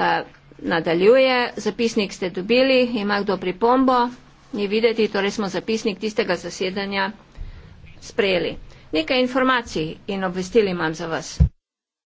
Eh, nadaljuje. Zapisnik ste dobili, ima kdo pripombo, ni videti, torej smo zapisnik tistega zasedanja sprejeli. Nekaj informacij in obvestili imam za vas.